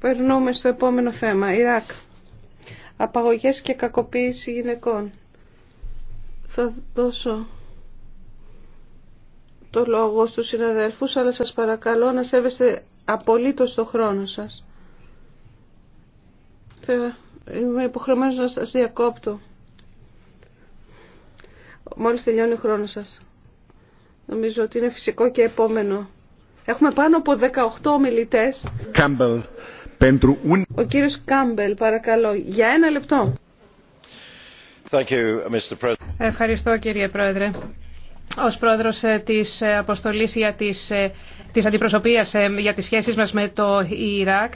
Περνούμε στο επόμενο θέμα. Ιράκ. Απαγωγές και κακοποίηση γυναικών. Θα δώσω το λόγο στους συναδέλφους, αλλά σας παρακαλώ να σέβεστε απολύτως το χρόνο σας. είμαι υποχρεωμένος να σας διακόπτω. Μόλις τελειώνει ο χρόνος σας. Νομίζω ότι είναι φυσικό και επόμενο. Έχουμε πάνω από 18 ομιλητές. Ο κύριος Κάμπελ, παρακαλώ, για ένα λεπτό. Ευχαριστώ κύριε Πρόεδρε. Ως πρόεδρος ε, της ε, αποστολής για τις, ε, της αντιπροσωπείας για τις σχέσεις μας με το Ιράκ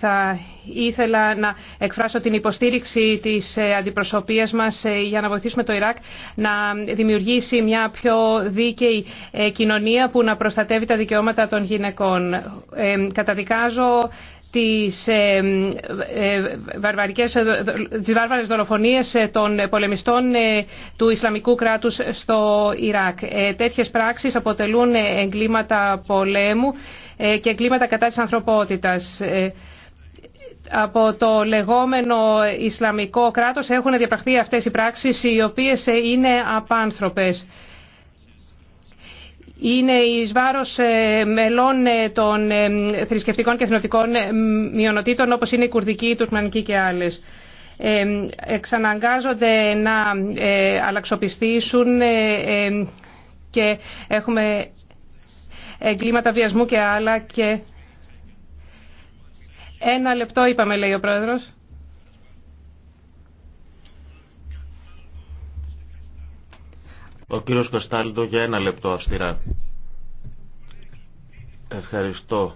θα ήθελα να εκφράσω την υποστήριξη της αντιπροσωπείας μας για να βοηθήσουμε το Ιράκ να δημιουργήσει μια πιο δίκαιη κοινωνία που να προστατεύει τα δικαιώματα των γυναικών. Καταδικάζω τις ε, ε, βαρβαρικές, τις βάρβαρες δολοφονίες ε, των πολεμιστών του Ισλαμικού κράτους στο Ιράκ. Τέτοιες πράξεις αποτελούν εγκλήματα πολέμου και εγκλήματα κατά της ανθρωπότητας. Από το λεγόμενο Ισλαμικό κράτος έχουν διαπραχθεί αυτές οι πράξεις οι οποίες είναι απάνθρωπες είναι εις βάρος ε, μελών ε, των ε, θρησκευτικών και εθνοτικών μειονοτήτων όπως είναι η Κουρδική, η Τουρκμανική και άλλες. Εξαναγκάζονται να αλλαξοπιστήσουν και έχουμε εγκλήματα βιασμού και άλλα και ένα λεπτό είπαμε λέει ο Πρόεδρος. Ο κύριος Καστάλντο για ένα λεπτό αυστηρά. Ευχαριστώ,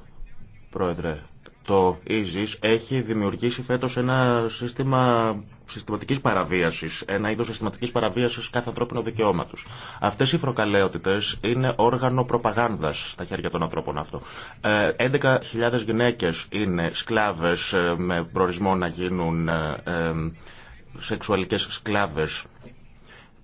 Πρόεδρε. Το ΙΖΙΣ έχει δημιουργήσει φέτος ένα σύστημα συστηματικής παραβίασης, ένα είδος συστηματικής παραβίασης κάθε ανθρώπινο δικαιώματος. Αυτές οι φροκαλαιότητες είναι όργανο προπαγάνδας στα χέρια των ανθρώπων αυτό. 11.000 ε, γυναίκες είναι σκλάβες ε, με προορισμό να γίνουν ε, σεξουαλικές σκλάβες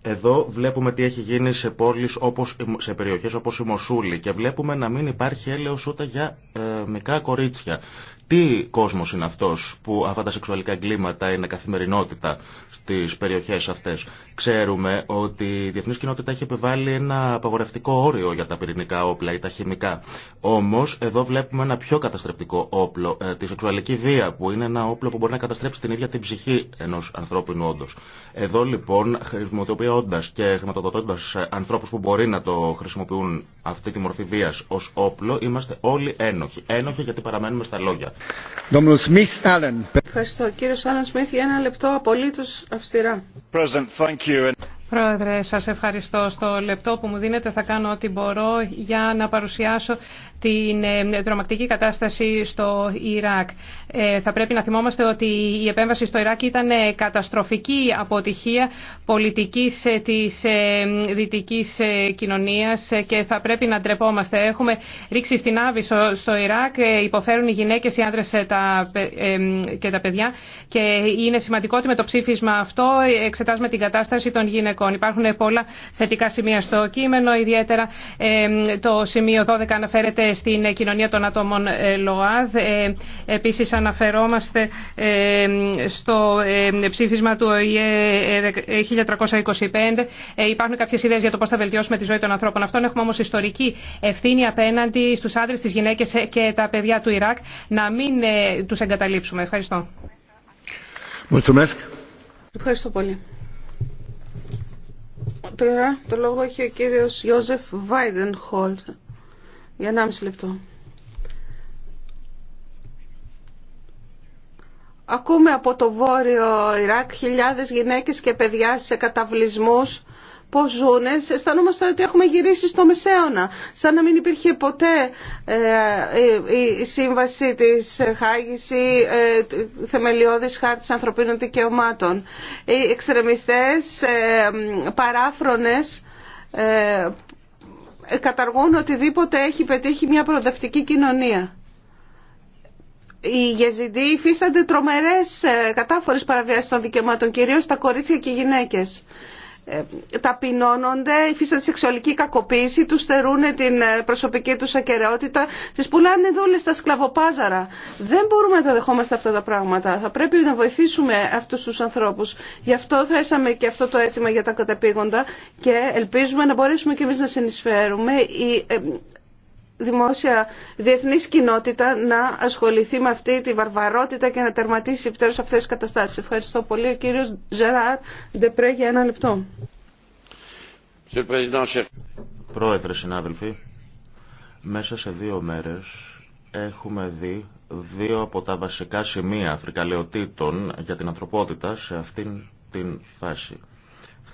εδώ βλέπουμε τι έχει γίνει σε, πόλεις όπως, σε περιοχές όπως η Μοσούλη και βλέπουμε να μην υπάρχει έλεος ούτε για ε, μικρά κορίτσια. Τι κόσμος είναι αυτός που αυτά τα σεξουαλικά εγκλήματα είναι καθημερινότητα στις περιοχές αυτές. Ξέρουμε ότι η διεθνή κοινότητα έχει επιβάλει ένα απαγορευτικό όριο για τα πυρηνικά όπλα ή τα χημικά. Όμως εδώ βλέπουμε ένα πιο καταστρεπτικό όπλο, ε, τη σεξουαλική βία που είναι ένα όπλο που μπορεί να καταστρέψει την ίδια την ψυχή ενός ανθρώπινου όντως. Εδώ λοιπόν χρησιμοποιώντας και χρηματοδοτώντας ανθρώπους που μπορεί να το χρησιμοποιούν αυτή τη μορφή βίας ως όπλο είμαστε όλοι ένοχοι. Ένοχοι γιατί παραμένουμε στα λόγια. Ευχαριστώ. Κύριος Άλαν Σμιθ για ένα λεπτό απολύτως αυστηρά. Πρόεδρε, σας ευχαριστώ. Στο λεπτό που μου δίνετε θα κάνω ό,τι μπορώ για να παρουσιάσω την ε, τρομακτική κατάσταση στο Ιράκ. Ε, θα πρέπει να θυμόμαστε ότι η επέμβαση στο Ιράκ ήταν ε, καταστροφική αποτυχία πολιτικής της δυτικής κοινωνίας και θα πρέπει να ντρεπόμαστε. Έχουμε ρίξει στην Άβυσο στο Ιράκ, υποφέρουν οι γυναίκες, οι άντρες και τα παιδιά και είναι σημαντικό ότι με το ψήφισμα αυτό εξετάζουμε την κατάσταση των γυναικών. Υπάρχουν πολλά θετικά σημεία στο κείμενο, ιδιαίτερα το σημείο 12 αναφέρεται στην κοινωνία των ατόμων ε, ΛΟΑΔ. Ε, επίσης αναφερόμαστε ε, στο ψήφισμα του ΟΗΕ 1325. Υπάρχουν κάποιες ιδέες για το πώς θα βελτιώσουμε τη ζωή των ανθρώπων αυτών. Έχουμε όμως ιστορική ευθύνη απέναντι στους άντρες, τις γυναίκες και τα παιδιά του Ιράκ να μην τους εγκαταλείψουμε. Ευχαριστώ. Ευχαριστώ πολύ. Τώρα το λόγο έχει ο κύριος Ιώζεφ Βάιντενχολτ. Για 1,5 λεπτό. Ακούμε από το βόρειο Ιράκ χιλιάδες γυναίκες και παιδιά σε καταβλισμούς πώς ζουν. Αισθανόμαστε ότι έχουμε γυρίσει στο μεσαίωνα, σαν να μην υπήρχε ποτέ ε, η σύμβαση της Χάγης ή ε, θεμελιώδης χάρτης ανθρωπίνων δικαιωμάτων. Οι εξτρεμιστές, ε, παράφρονες καταργούν οτιδήποτε έχει πετύχει μια προοδευτική κοινωνία. Οι Γεζιντοί υφίστανται τρομερές ε, κατάφορες παραβιάσεις των δικαιωμάτων, κυρίως τα κορίτσια και οι γυναίκες. Ε, ταπεινώνονται, υφίσταται σεξουαλική κακοποίηση, τους στερούν την ε, προσωπική τους ακεραιότητα, τις πουλάνε δούλες στα σκλαβοπάζαρα. Δεν μπορούμε να τα δεχόμαστε αυτά τα πράγματα. Θα πρέπει να βοηθήσουμε αυτούς τους ανθρώπους. Γι' αυτό θέσαμε και αυτό το αίτημα για τα κατεπήγοντα και ελπίζουμε να μπορέσουμε και εμείς να συνεισφέρουμε. Η ε, δημόσια διεθνής κοινότητα να ασχοληθεί με αυτή τη βαρβαρότητα και να τερματίσει επιτέλους αυτές τις καταστάσεις. Ευχαριστώ πολύ. Ο κύριος Ζεράρ Ντεπρέ για ένα λεπτό. Πρόεδρε, συνάδελφοι, μέσα σε δύο μέρες έχουμε δει δύο από τα βασικά σημεία θρικαλαιοτήτων για την ανθρωπότητα σε αυτήν την φάση.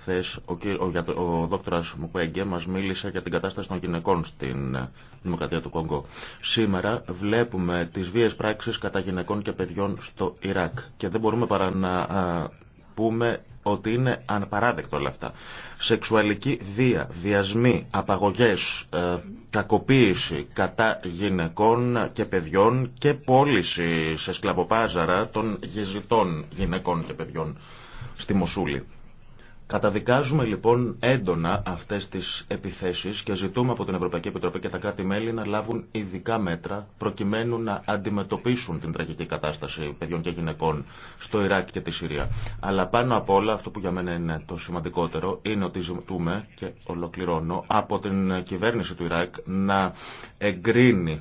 Χθε ο, ο, ο δόκτωρα Μουκουέγγε μα μίλησε για την κατάσταση των γυναικών στην ε, Δημοκρατία του Κονγκό. Σήμερα βλέπουμε τι βίε πράξει κατά γυναικών και παιδιών στο Ιράκ και δεν μπορούμε παρά να πούμε ότι είναι ανπαράδεκτο όλα αυτά. Σεξουαλική βία, βιασμοί, απαγωγές, ε, κακοποίηση κατά γυναικών και παιδιών και πώληση σε σκλαβοπάζαρα των γεζιτών γυναικών και παιδιών στη Μοσούλη. Καταδικάζουμε λοιπόν έντονα αυτέ τι επιθέσει και ζητούμε από την Ευρωπαϊκή Επιτροπή και τα κράτη-μέλη να λάβουν ειδικά μέτρα προκειμένου να αντιμετωπίσουν την τραγική κατάσταση παιδιών και γυναικών στο Ιράκ και τη Συρία. Αλλά πάνω απ' όλα αυτό που για μένα είναι το σημαντικότερο είναι ότι ζητούμε και ολοκληρώνω από την κυβέρνηση του Ιράκ να εγκρίνει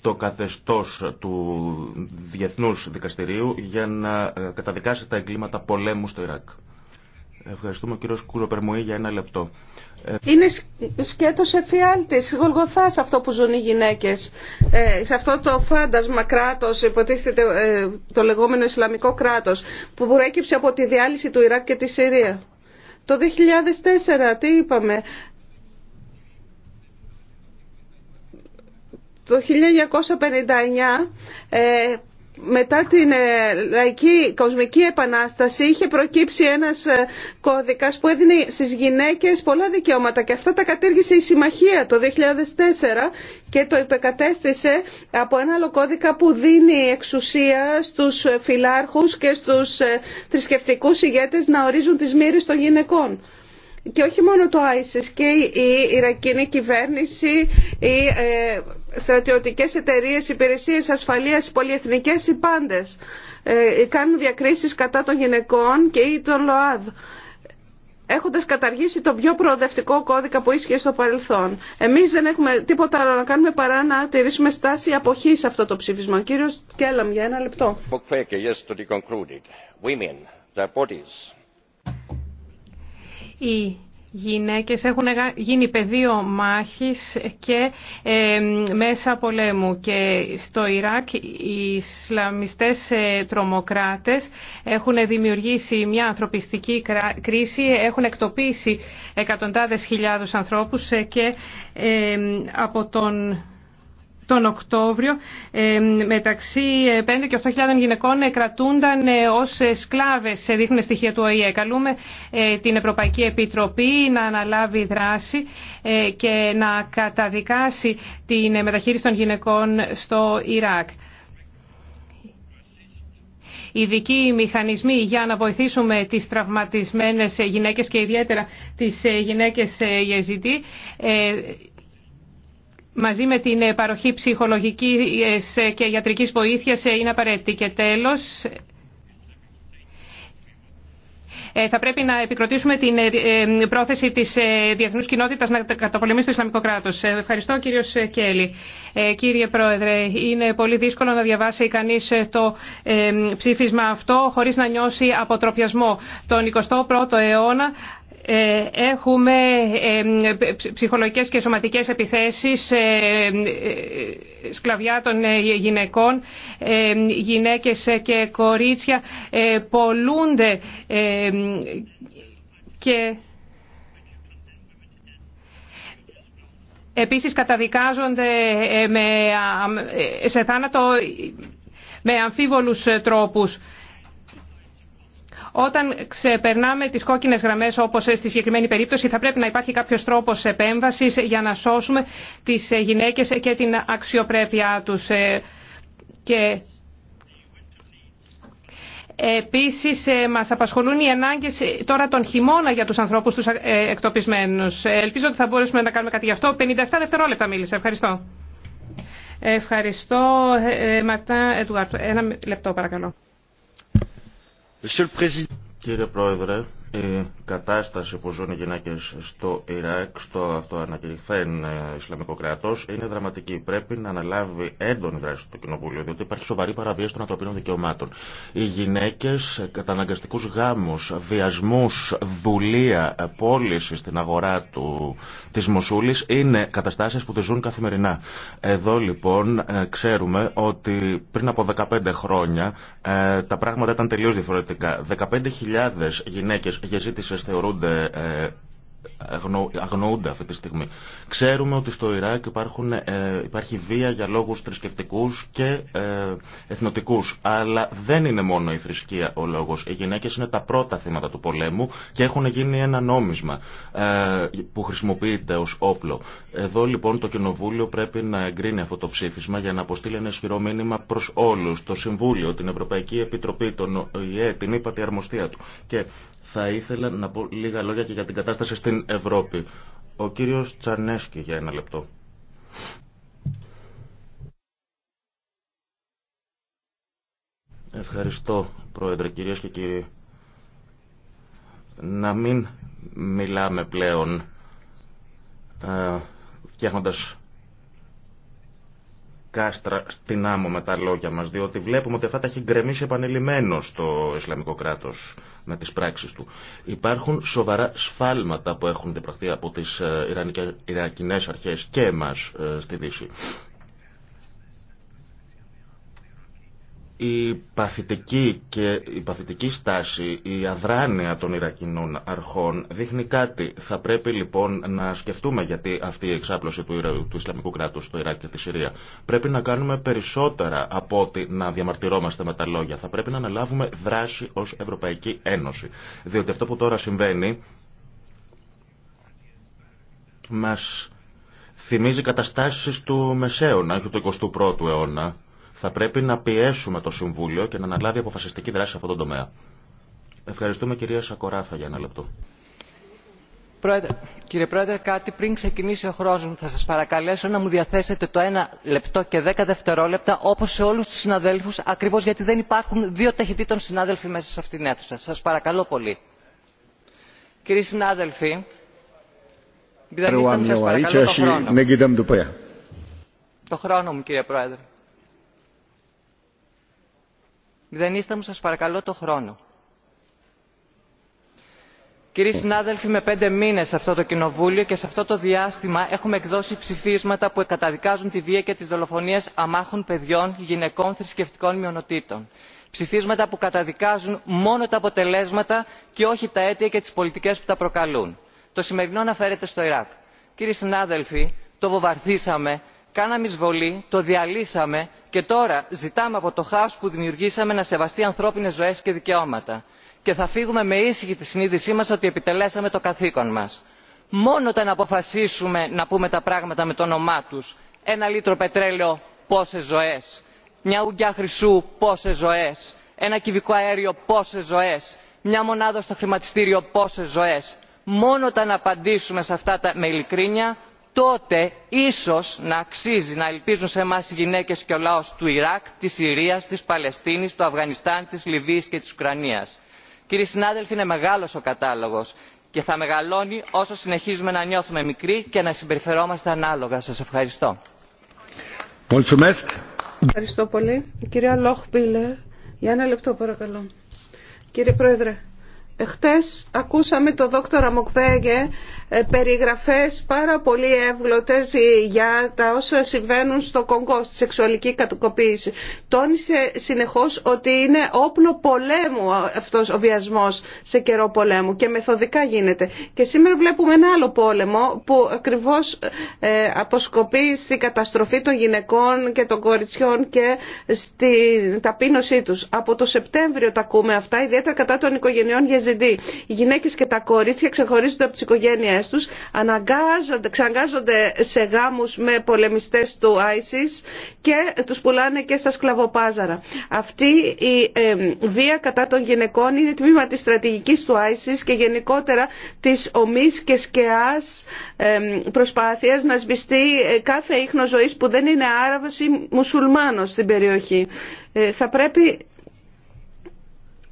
το καθεστώς του Διεθνούς Δικαστηρίου για να ε, καταδικάσει τα εγκλήματα πολέμου στο Ιράκ. Ευχαριστούμε κύριο Περμοή, για ένα λεπτό. Ε, Είναι σκέτος εφιάλτης, γολγοθάς αυτό που ζουν οι γυναίκες. Ε, σε αυτό το φάντασμα κράτος, υποτίθεται ε, το λεγόμενο Ισλαμικό κράτος, που προέκυψε από τη διάλυση του Ιράκ και τη Συρία. Το 2004, τι είπαμε, το 1959 ε, μετά την ε, λαϊκή κοσμική επανάσταση είχε προκύψει ένας ε, κώδικας που έδινε στις γυναίκες πολλά δικαιώματα και αυτά τα κατήργησε η Συμμαχία το 2004 και το υπεκατέστησε από ένα άλλο κώδικα που δίνει εξουσία στους φιλάρχους και στους ε, θρησκευτικού ηγέτες να ορίζουν τις μοίρες των γυναικών. Και όχι μόνο το ISIS και η Ιρακινή κυβέρνηση, η στρατιωτικές εταιρείες, υπηρεσίες ασφαλείας, πολυεθνικές, οι πάντες ε, κάνουν διακρίσεις κατά των γυναικών και ή των ΛΟΑΔ έχοντας καταργήσει τον πιο προοδευτικό κώδικα που ίσχυε στο παρελθόν. Εμείς δεν έχουμε τίποτα άλλο να κάνουμε παρά να τηρήσουμε στάση αποχή σε αυτό το ψήφισμα. Κύριο κύριος Κέλαμ για ένα λεπτό. Οι γυναίκες έχουν γίνει πεδίο μάχης και ε, μέσα πολέμου. Και στο Ιράκ οι Ισλαμιστές ε, τρομοκράτες έχουν δημιουργήσει μια ανθρωπιστική κρίση, έχουν εκτοπίσει εκατοντάδες χιλιάδους ανθρώπους ε, και από τον τον Οκτώβριο ε, μεταξύ 5 ε, και 8.000 γυναικών ε, κρατούνταν ως σκλάβες, δείχνουν στοιχεία του ΟΗΕ. Καλούμε την Ευρωπαϊκή Επιτροπή να αναλάβει δράση και να καταδικάσει την μεταχείριση των γυναικών στο Ιράκ. Ειδικοί μηχανισμοί για να βοηθήσουμε τις τραυματισμένες γυναίκες και ιδιαίτερα τις γυναίκες Γεζιτή μαζί με την ε, παροχή ψυχολογικής ε, και ιατρικής βοήθειας ε, είναι απαραίτητη. Και τέλος, θα πρέπει να επικροτήσουμε την πρόθεση της διεθνούς κοινότητας να καταπολεμήσει το Ισλαμικό κράτος. Ευχαριστώ κύριος Κέλλη. Κύριε Πρόεδρε, είναι πολύ δύσκολο να διαβάσει κανείς το ψήφισμα αυτό χωρίς να νιώσει αποτροπιασμό. Τον 21ο αιώνα ε, έχουμε ψυχολογικές και σωματικές επιθέσεις, ε, ε, σκλαβιά των γυναικών, γυναίκες και κορίτσια πολλούνται και επίσης καταδικάζονται σε θάνατο με αμφίβολους τρόπους. Όταν ξεπερνάμε τις κόκκινε γραμμές όπως ε, στη συγκεκριμένη περίπτωση θα πρέπει να υπάρχει κάποιος τρόπος επέμβαση για να σώσουμε τις ε, γυναίκες και την αξιοπρέπειά τους. Ε, και Επίσης μας απασχολούν οι ανάγκες τώρα τον χειμώνα για τους ανθρώπους τους εκτοπισμένους. Ελπίζω ότι θα μπορέσουμε να κάνουμε κάτι γι' αυτό. 57 δευτερόλεπτα μίλησε. Ευχαριστώ. Ευχαριστώ Μαρτά Εντουάρτου. Ένα λεπτό παρακαλώ. Κύριε Πρόεδρε, η κατάσταση που ζουν οι γυναίκε στο Ιράκ, στο αυτό ανακηρυχθέν ε, Ισλαμικό κράτο, είναι δραματική. Πρέπει να αναλάβει έντονη δράση το Κοινοβούλιο, διότι υπάρχει σοβαρή παραβίαση των ανθρωπίνων δικαιωμάτων. Οι γυναίκε, καταναγκαστικού γάμου, βιασμού, δουλεία, ε, πώληση στην αγορά τη Μοσούλη, είναι καταστάσει που τι ζουν καθημερινά. Εδώ λοιπόν ε, ξέρουμε ότι πριν από 15 χρόνια τα πράγματα ήταν τελείω διαφορετικά. 15.000 γυναίκε για ζήτησε θεωρούνται ε, αγνοούνται αυτή τη στιγμή. Ξέρουμε ότι στο Ιράκ υπάρχουν, ε, υπάρχει βία για λόγους θρησκευτικού και ε, εθνοτικούς. Αλλά δεν είναι μόνο η θρησκεία ο λόγος. Οι γυναίκες είναι τα πρώτα θύματα του πολέμου και έχουν γίνει ένα νόμισμα ε, που χρησιμοποιείται ως όπλο. Εδώ λοιπόν το Κοινοβούλιο πρέπει να εγκρίνει αυτό το ψήφισμα για να αποστείλει ένα ισχυρό μήνυμα προς όλους. Το Συμβούλιο, την Ευρωπαϊκή Επιτροπή, τον την τη Αρμοστία του. Και θα ήθελα να πω λίγα λόγια και για την κατάσταση στην Ευρώπη. Ο κύριος Τσανέσκι για ένα λεπτό. Ευχαριστώ, Πρόεδρε, κυρίες και κύριοι. Να μην μιλάμε πλέον ε, κάστρα στην άμμο με τα λόγια μας, διότι βλέπουμε ότι αυτά τα έχει γκρεμίσει επανειλημμένο στο Ισλαμικό κράτος με τις πράξεις του. Υπάρχουν σοβαρά σφάλματα που έχουν διπραχθεί από τις ε, Ιρακινές αρχές και εμάς ε, στη Δύση. η παθητική και η παθητική στάση, η αδράνεια των Ιρακινών αρχών δείχνει κάτι. Θα πρέπει λοιπόν να σκεφτούμε γιατί αυτή η εξάπλωση του, Ιρα... του Ισλαμικού κράτους στο Ιράκ και τη Συρία. Πρέπει να κάνουμε περισσότερα από ότι να διαμαρτυρόμαστε με τα λόγια. Θα πρέπει να αναλάβουμε δράση ως Ευρωπαϊκή Ένωση. Διότι αυτό που τώρα συμβαίνει μας θυμίζει καταστάσεις του Μεσαίωνα και του 21ου αιώνα θα πρέπει να πιέσουμε το Συμβούλιο και να αναλάβει αποφασιστική δράση σε αυτόν τον τομέα. Ευχαριστούμε κυρία Σακοράφα για ένα λεπτό. Πρόεδρε, κύριε Πρόεδρε, κάτι πριν ξεκινήσει ο χρόνο, μου θα σα παρακαλέσω να μου διαθέσετε το ένα λεπτό και δέκα δευτερόλεπτα όπω σε όλου του συναδέλφου, ακριβώ γιατί δεν υπάρχουν δύο ταχυτήτων συνάδελφοι μέσα σε αυτήν την αίθουσα. Σα παρακαλώ πολύ. Κύριοι συνάδελφοι, πειθαρχήστε μου παρακαλώ το χρόνο. Το χρόνο μου κύριε Πρόεδρε είστε μου σας παρακαλώ το χρόνο. Κύριοι συνάδελφοι, με πέντε μήνες σε αυτό το κοινοβούλιο και σε αυτό το διάστημα έχουμε εκδώσει ψηφίσματα που καταδικάζουν τη βία και τις δολοφονίες αμάχων παιδιών, γυναικών, θρησκευτικών μειονοτήτων. Ψηφίσματα που καταδικάζουν μόνο τα αποτελέσματα και όχι τα αίτια και τις πολιτικές που τα προκαλούν. Το σημερινό αναφέρεται στο Ιράκ. Κύριοι συνάδελφοι, το βοβαρθήσαμε, κάναμε εισβολή, το διαλύσαμε και τώρα ζητάμε από το χάος που δημιουργήσαμε να σεβαστεί ανθρώπινες ζωές και δικαιώματα και θα φύγουμε με ήσυχη τη συνείδησή μας ότι επιτελέσαμε το καθήκον μας. μόνο όταν αποφασίσουμε να πούμε τα πράγματα με το όνομά τους ένα λίτρο πετρέλαιο πόσες ζωές μια ουγγιά χρυσού πόσες ζωές ένα κυβικό αέριο πόσες ζωές μια μονάδα στο χρηματιστήριο πόσες ζωές μόνο όταν απαντήσουμε σε αυτά με ειλικρίνεια τότε ίσως να αξίζει να ελπίζουν σε εμάς οι γυναίκες και ο λαός του Ιράκ, της Συρίας, της Παλαιστίνης, του Αφγανιστάν, της Λιβύης και της Ουκρανίας. Κύριοι συνάδελφοι, είναι μεγάλος ο κατάλογος και θα μεγαλώνει όσο συνεχίζουμε να νιώθουμε μικροί και να συμπεριφερόμαστε ανάλογα. Σας ευχαριστώ. Ευχαριστώ για ένα λεπτό παρακαλώ. Κύριε Πρόεδρε, Χτες ακούσαμε το δόκτωρα Μοκβέγε ε, περιγραφές πάρα πολύ εύγλωτες ε, για τα όσα συμβαίνουν στο Κογκό στη σεξουαλική κατοικοποίηση. Τόνισε συνεχώς ότι είναι όπλο πολέμου αυτός ο βιασμός σε καιρό πολέμου και μεθοδικά γίνεται. Και σήμερα βλέπουμε ένα άλλο πόλεμο που ακριβώς ε, αποσκοπεί στη καταστροφή των γυναικών και των κοριτσιών και στην ταπείνωσή τους. Από το Σεπτέμβριο τα ακούμε αυτά, ιδιαίτερα κατά των οικογενειών οι γυναίκες και τα κορίτσια ξεχωρίζονται από τις οικογένειές τους, αναγκάζονται, σε γάμους με πολεμιστές του ISIS και τους πουλάνε και στα σκλαβοπάζαρα. Αυτή η βία κατά των γυναικών είναι τμήμα της στρατηγικής του ISIS και γενικότερα της ομής και σκεάς προσπάθειας να σβηστεί ε, κάθε ίχνο ζωής που δεν είναι Άραβας ή μουσουλμάνος στην περιοχή. Ε, θα πρέπει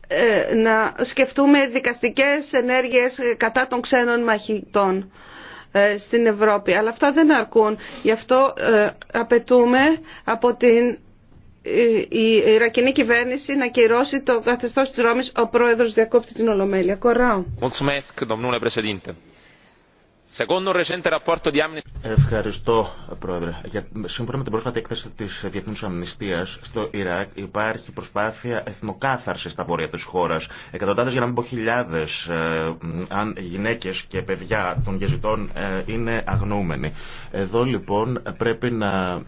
ε, να σκεφτούμε δικαστικές ενέργειες κατά των ξένων μαχητών ε, στην Ευρώπη. Αλλά αυτά δεν αρκούν. Γι' αυτό ε, απαιτούμε από την η Ιρακινή κυβέρνηση να κυρώσει το καθεστώς της Ρώμης ο πρόεδρος διακόπτει την Ολομέλεια. Κοράω. Ευχαριστώ, Πρόεδρε. σύμφωνα με την πρόσφατη έκθεση τη Διεθνού Αμνηστία, στο Ιράκ υπάρχει προσπάθεια εθνοκάθαρση στα βόρεια τη χώρα. Εκατοντάδε, για να μην πω χιλιάδε, ε, γυναίκε και παιδιά των γεζιτών ε, είναι αγνοούμενοι. Εδώ λοιπόν πρέπει να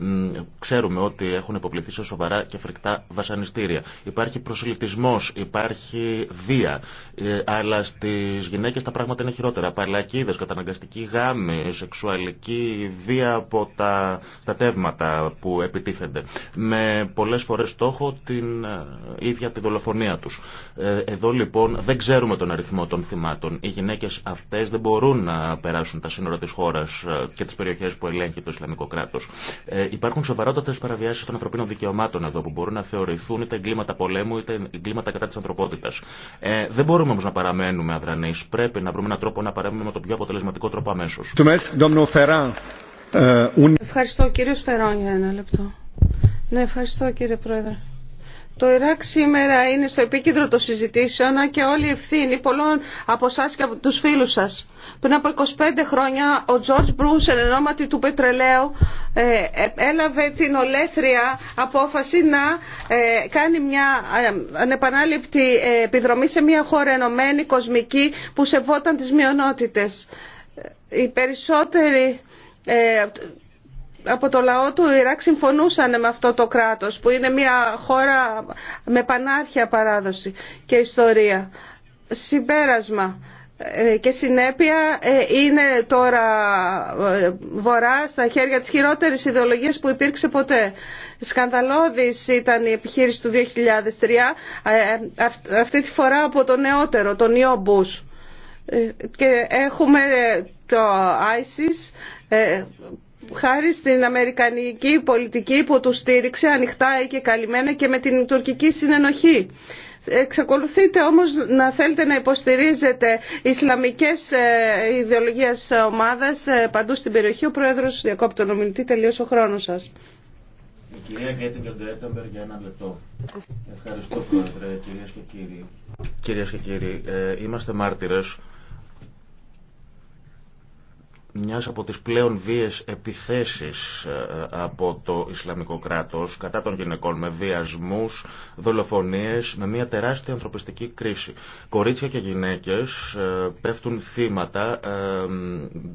ξέρουμε ότι έχουν υποπληθεί σε σοβαρά και φρικτά βασανιστήρια. Υπάρχει προσελητισμό, υπάρχει βία, ε, αλλά στι γυναίκε τα πράγματα είναι χειρότερα. Παλακίδε, ερωτική γάμη, σεξουαλική βία από τα τεύματα που επιτίθενται. Με πολλές φορές στόχο την ε, ίδια τη δολοφονία τους. Ε, εδώ λοιπόν δεν ξέρουμε τον αριθμό των θυμάτων. Οι γυναίκες αυτές δεν μπορούν να περάσουν τα σύνορα της χώρας ε, και τις περιοχές που ελέγχει το Ισλαμικό κράτος. Υπάρχουν σοβαρότατες παραβιάσεις των ανθρωπίνων δικαιωμάτων εδώ που μπορούν να θεωρηθούν είτε εγκλήματα πολέμου είτε εγκλήματα κατά της ανθρωπότητας. δεν μπορούμε όμως να παραμένουμε αδρανείς. Πρέπει να βρούμε έναν τρόπο να παρέμβουμε με τον πιο αποτελεσματικό τρόπο ε, ευχαριστώ κύριο Φερόν για ένα λεπτό. Ναι, ευχαριστώ κύριε Πρόεδρε. Το Ιράκ σήμερα είναι στο επίκεντρο των συζητήσεων και όλη η ευθύνη πολλών από εσά και από του φίλου σα. Πριν από 25 χρόνια ο Τζορτ Μπρούς, εν ονόματι του πετρελαίου, ε, ε, έλαβε την ολέθρια απόφαση να κάνει μια ανεπανάληπτη επιδρομή σε μια χώρα ενωμένη, κοσμική, που σεβόταν τι μειονότητες οι περισσότεροι ε, από το λαό του Ιράκ συμφωνούσαν με αυτό το κράτος που είναι μια χώρα με πανάρχια παράδοση και ιστορία. Συμπέρασμα ε, και συνέπεια ε, είναι τώρα βορρά στα χέρια της χειρότερης ιδεολογίας που υπήρξε ποτέ. Σκανδαλώδης ήταν η επιχείρηση του 2003, αυτή τη φορά από το νεότερο, τον Ιόπους. Ε, και έχουμε ε, το ISIS ε, χάρη στην αμερικανική πολιτική που του στήριξε ανοιχτά και καλυμμένα και με την τουρκική συνενοχή. Εξακολουθείτε όμως να θέλετε να υποστηρίζετε Ισλαμικές ιδεολογίες ομάδας παντού στην περιοχή. Ο Πρόεδρος Διακόπτω τον ομιλητή, τελείωσε ο χρόνος σας. Η κυρία για ένα λεπτό. Ευχαριστώ Πρόεδρε, κυρίες και κύριοι. Κυρίες και κύριοι, είμαστε μάρτυρες μιας από τις πλέον βίες επιθέσεις ε, από το Ισλαμικό κράτος κατά των γυναικών με βιασμούς, δολοφονίες, με μια τεράστια ανθρωπιστική κρίση. Κορίτσια και γυναίκες ε, πέφτουν θύματα ε,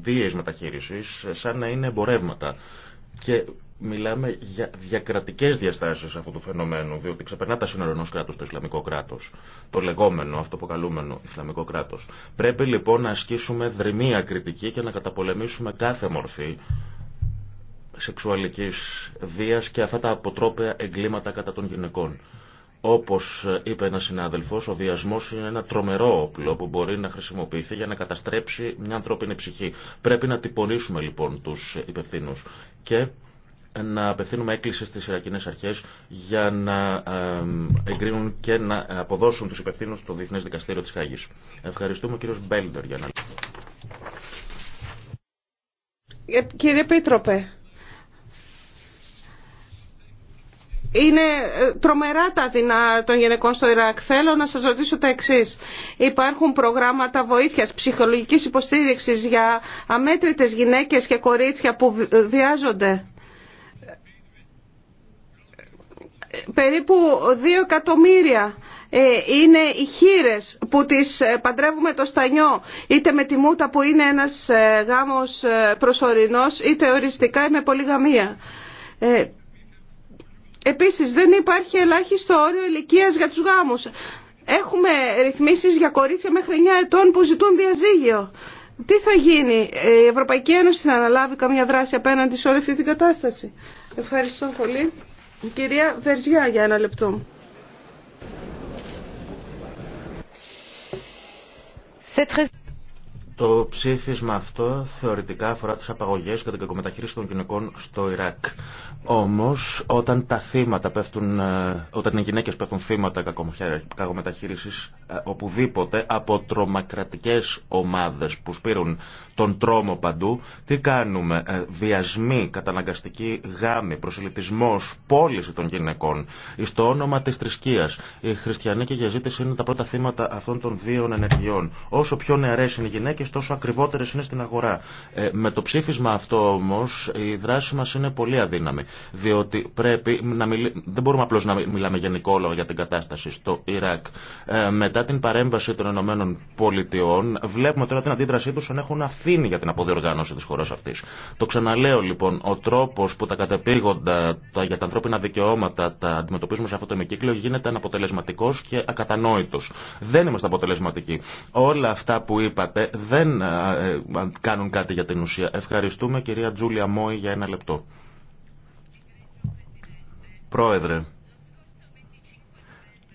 βίες μεταχείρισης σαν να είναι εμπορεύματα και μιλάμε για διακρατικέ διαστάσει αυτού του φαινομένου, διότι ξεπερνά τα σύνορα ενό κράτου το Ισλαμικό κράτο. Το λεγόμενο, αυτοποκαλούμενο Ισλαμικό κράτο. Πρέπει λοιπόν να ασκήσουμε δρυμία κριτική και να καταπολεμήσουμε κάθε μορφή σεξουαλική βία και αυτά τα αποτρόπαια εγκλήματα κατά των γυναικών. Όπω είπε ένα συνάδελφο, ο βιασμό είναι ένα τρομερό όπλο που μπορεί να χρησιμοποιηθεί για να καταστρέψει μια ανθρώπινη ψυχή. Πρέπει να τυπονίσουμε λοιπόν του υπευθύνου. Και να απευθύνουμε έκκληση στις Ιρακινές αρχές για να εγκρίνουν και να αποδώσουν τους υπευθύνους στο Διεθνές Δικαστήριο της Χάγης. Ευχαριστούμε κύριος Μπέλντερ για να... Ε, κύριε Πίτροπε, είναι ε, τρομερά τα δεινά των γυναικών στο Ιράκ. Θέλω να σας ρωτήσω τα εξής. Υπάρχουν προγράμματα βοήθειας, ψυχολογικής υποστήριξης για αμέτρητες γυναίκες και κορίτσια που βιάζονται. περίπου 2 εκατομμύρια ε, είναι οι χείρες που τις ε, παντρεύουμε το στανιό είτε με τη μούτα που είναι ένας ε, γάμος προσωρινός είτε οριστικά ή με πολυγαμία. Επίσης δεν υπάρχει ελάχιστο όριο ηλικίας για τους γάμους. Έχουμε ρυθμίσεις για κορίτσια μέχρι 9 ετών που ζητούν διαζύγιο. Τι θα γίνει, η Ευρωπαϊκή Ένωση θα αναλάβει καμία δράση απέναντι σε όλη αυτή την κατάσταση. Ευχαριστώ πολύ. Κυρία Βεργία, για ένα λεπτό. Το ψήφισμα αυτό θεωρητικά αφορά τις απαγωγές και την κακομεταχείριση των γυναικών στο Ιράκ. Όμως, όταν, τα θύματα πέφτουν, ε, όταν οι γυναίκες πέφτουν θύματα κακομεταχείρισης ε, οπουδήποτε από τρομακρατικές ομάδες που σπήρουν τον τρόμο παντού, τι κάνουμε, ε, βιασμοί, καταναγκαστική γάμη, προσελητισμός, πώληση των γυναικών, στο όνομα της θρησκείας. Οι χριστιανοί και οι είναι τα πρώτα θύματα αυτών των δύο ενεργειών. Όσο πιο νεαρές είναι οι συνθήκες τόσο ακριβότερες είναι στην αγορά. Ε, με το ψήφισμα αυτό όμως η δράση μας είναι πολύ αδύναμη. Διότι πρέπει να μιλ... δεν μπορούμε απλώς να μιλάμε γενικόλογα για την κατάσταση στο Ιράκ. Ε, μετά την παρέμβαση των Ηνωμένων Πολιτειών βλέπουμε τώρα την αντίδρασή τους αν έχουν αφήνει για την αποδιοργάνωση της χώρας αυτής. Το ξαναλέω λοιπόν, ο τρόπος που τα κατεπήγοντα τα, για τα ανθρώπινα δικαιώματα τα αντιμετωπίζουμε σε αυτό το εμικύκλιο γίνεται αναποτελεσματικός και ακατανόητος. Δεν είμαστε αποτελεσματικοί. Όλα αυτά που είπατε δεν ε, κάνουν κάτι για την ουσία. Ευχαριστούμε κυρία Τζούλια Μόη για ένα λεπτό. Πρόεδρε,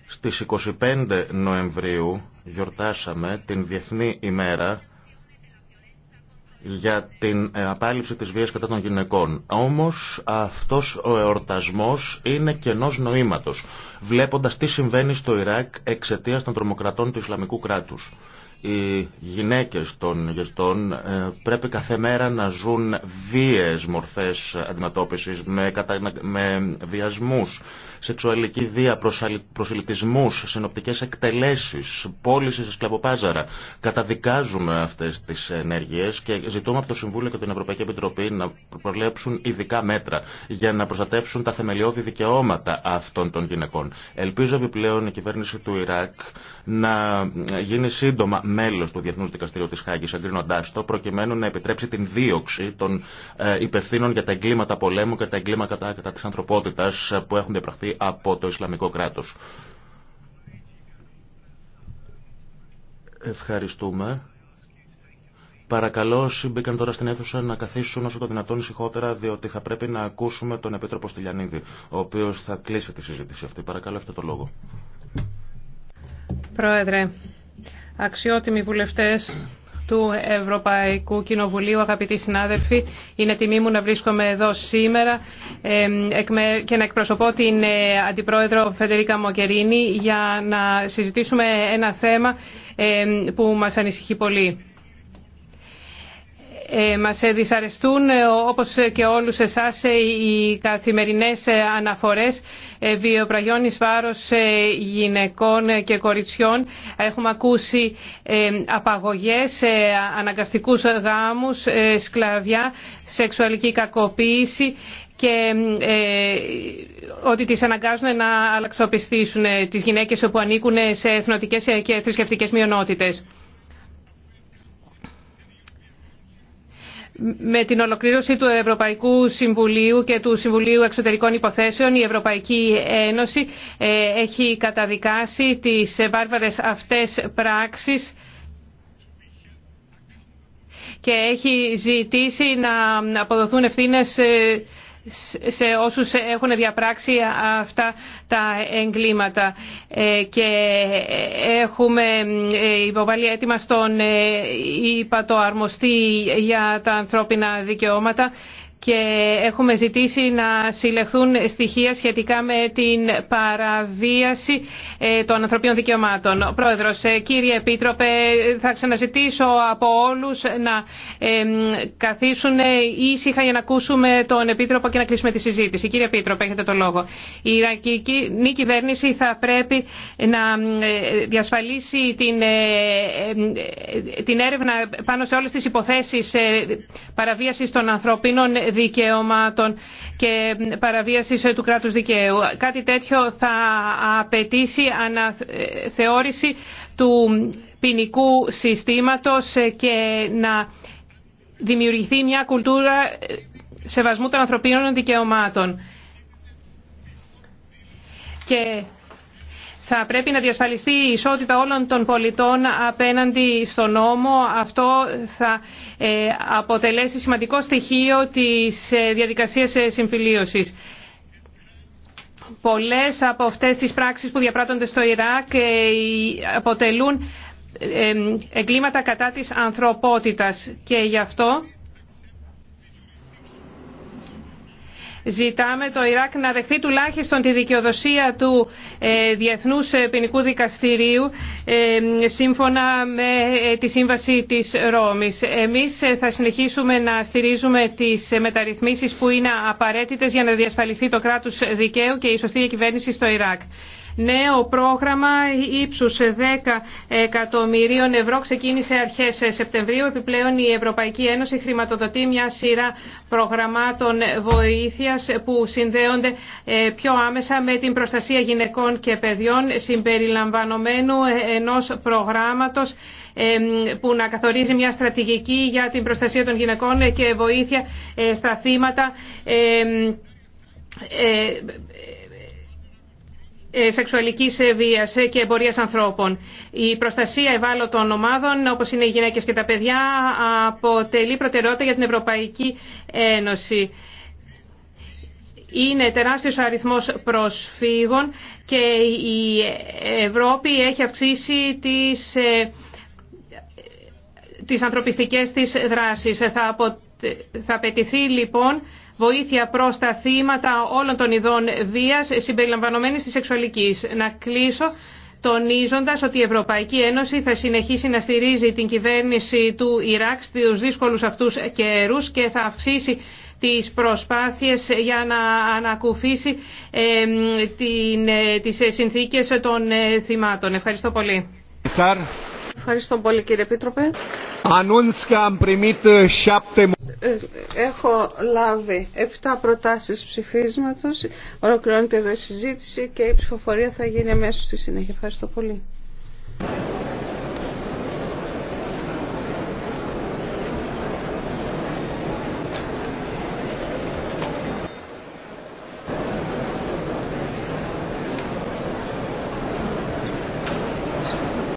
στις 25 Νοεμβρίου γιορτάσαμε την Διεθνή ημέρα για την ε, απάλληψη της βίας κατά των γυναικών. Όμως αυτός ο εορτασμός είναι κενός νοήματος, βλέποντας τι συμβαίνει στο Ιράκ εξαιτίας των τρομοκρατών του Ισλαμικού κράτους. Οι γυναίκες των γεστών ε, πρέπει κάθε μέρα να ζουν βίες μορφές αντιμετώπισης με, κατα... με βιασμούς, σεξουαλική δία, προσαλ... προσελητισμούς, συνοπτικές εκτελέσεις, πώληση σε σκλαβοπάζαρα. Καταδικάζουμε αυτές τις ενέργειες και ζητούμε από το Συμβούλιο και την Ευρωπαϊκή Επιτροπή να προβλέψουν ειδικά μέτρα για να προστατεύσουν τα θεμελιώδη δικαιώματα αυτών των γυναικών. Ελπίζω επιπλέον η κυβέρνηση του Ιράκ να γίνει σύντομα μέλο του Διεθνού Δικαστηρίου τη Χάγη, εγκρίνοντά το, προκειμένου να επιτρέψει την δίωξη των ε, υπευθύνων για τα εγκλήματα πολέμου και τα εγκλήματα κατά τη ανθρωπότητα ε, που έχουν διαπραχθεί από το Ισλαμικό κράτο. Ευχαριστούμε. Παρακαλώ όσοι τώρα στην αίθουσα να καθίσουν όσο το δυνατόν ησυχότερα, διότι θα πρέπει να ακούσουμε τον Επίτροπο Στυλιανίδη, ο οποίο θα κλείσει τη συζήτηση αυτή. Παρακαλώ, έχετε το λόγο. Πρόεδρε, αξιότιμοι βουλευτές του Ευρωπαϊκού Κοινοβουλίου, αγαπητοί συνάδελφοι. Είναι τιμή μου να βρίσκομαι εδώ σήμερα και να εκπροσωπώ την ε, Αντιπρόεδρο Φεντερίκα Μοκερίνη για να συζητήσουμε ένα θέμα που μας ανησυχεί πολύ. Ε, μας ε, δυσαρεστούν ε, όπως και όλους εσάς οι καθημερινές αναφορές βιοπραγιών εις βάρος γυναικών και κοριτσιών. Έχουμε ακούσει απαγωγές, αναγκαστικούς γάμους, σκλαβιά, σεξουαλική κακοποίηση και ότι τις αναγκάζουν να αλλαξοπιστήσουν τις γυναίκες που ανήκουν σε εθνοτικές και θρησκευτικές μειονότητες. με την ολοκλήρωση του Ευρωπαϊκού Συμβουλίου και του Συμβουλίου Εξωτερικών Υποθέσεων η Ευρωπαϊκή Ένωση ε, έχει καταδικάσει τις βάρβαρες αυτές πράξεις και έχει ζητήσει να αποδοθούν ευθύνες ε, σε όσους έχουν διαπράξει αυτά τα εγκλήματα. Ε, και έχουμε ε, υποβάλει έτοιμα στον ε, αρμοστή για τα ανθρώπινα δικαιώματα και έχουμε ζητήσει να συλλεχθούν στοιχεία σχετικά με την παραβίαση ε, των ανθρωπίνων δικαιωμάτων. Ο Πρόεδρος, ε, κύριε Επίτροπε, θα ξαναζητήσω από όλους να καθίσουν ε, ήσυχα για να ακούσουμε τον Επίτροπο και να κλείσουμε τη συζήτηση. Κύριε Επίτροπε, έχετε το λόγο. Η Ιρακική κυβέρνηση θα πρέπει να διασφαλίσει την, την έρευνα πάνω σε όλες τις υποθέσεις παραβίασης των ανθρωπίνων δικαιωμάτων και παραβίαση του κράτους δικαίου. Κάτι τέτοιο θα απαιτήσει αναθεώρηση του ποινικού συστήματος και να δημιουργηθεί μια κουλτούρα σεβασμού των ανθρωπίνων δικαιωμάτων. Και θα πρέπει να διασφαλιστεί η ισότητα όλων των πολιτών απέναντι στον νόμο. Αυτό θα ε, αποτελέσει σημαντικό στοιχείο της ε, διαδικασίας ε, συμφιλίωσης. Πολλές από αυτές τις πράξεις που διαπράττονται στο Ιράκ αποτελούν εγκλήματα κατά της ανθρωπότητας και γι' αυτό Ζητάμε το Ιράκ να δεχθεί τουλάχιστον τη δικαιοδοσία του ε, Διεθνούς ε, Ποινικού Δικαστηρίου ε, σύμφωνα με τη Σύμβαση της Ρώμης. Εμείς θα συνεχίσουμε να στηρίζουμε τις μεταρρυθμίσεις που είναι απαραίτητες για να διασφαλιστεί το κράτος δικαίου και η σωστή κυβέρνηση στο Ιράκ. Νέο πρόγραμμα ύψους 10 εκατομμυρίων ευρώ ξεκίνησε αρχές Σεπτεμβρίου. Επιπλέον η Ευρωπαϊκή Ένωση χρηματοδοτεί μια σειρά προγραμμάτων βοήθειας που συνδέονται ε, πιο άμεσα με την προστασία γυναικών και παιδιών συμπεριλαμβανομένου ενός προγράμματος ε, που να καθορίζει μια στρατηγική για την προστασία των γυναικών και βοήθεια ε, στα θύματα ε, Σεξουαλική ε, βία ε, και εμπορία ανθρώπων. Η προστασία ευάλωτων ομάδων, όπως είναι οι γυναίκες και τα παιδιά, αποτελεί προτεραιότητα για την Ευρωπαϊκή Ένωση. Είναι τεράστιος ο αριθμός προσφύγων και η Ευρώπη έχει αυξήσει τις, τις ανθρωπιστικές της δράσεις. Θα, απο... θα απαιτηθεί λοιπόν βοήθεια προ τα θύματα όλων των ειδών βία, συμπεριλαμβανομένη τη σεξουαλικής. Να κλείσω τονίζοντας ότι η Ευρωπαϊκή Ένωση θα συνεχίσει να στηρίζει την κυβέρνηση του Ιράκ στου δύσκολου αυτούς καιρούς και θα αυξήσει τις προσπάθειες για να ανακουφίσει ε, τις συνθήκες των ε, θυμάτων. Ευχαριστώ πολύ. Ευχαριστώ πολύ κύριε Επίτροπε. Ε, έχω λάβει 7 προτάσεις ψηφίσματος. Ολοκληρώνεται εδώ η συζήτηση και η ψηφοφορία θα γίνει αμέσως στη συνέχεια. Ευχαριστώ πολύ.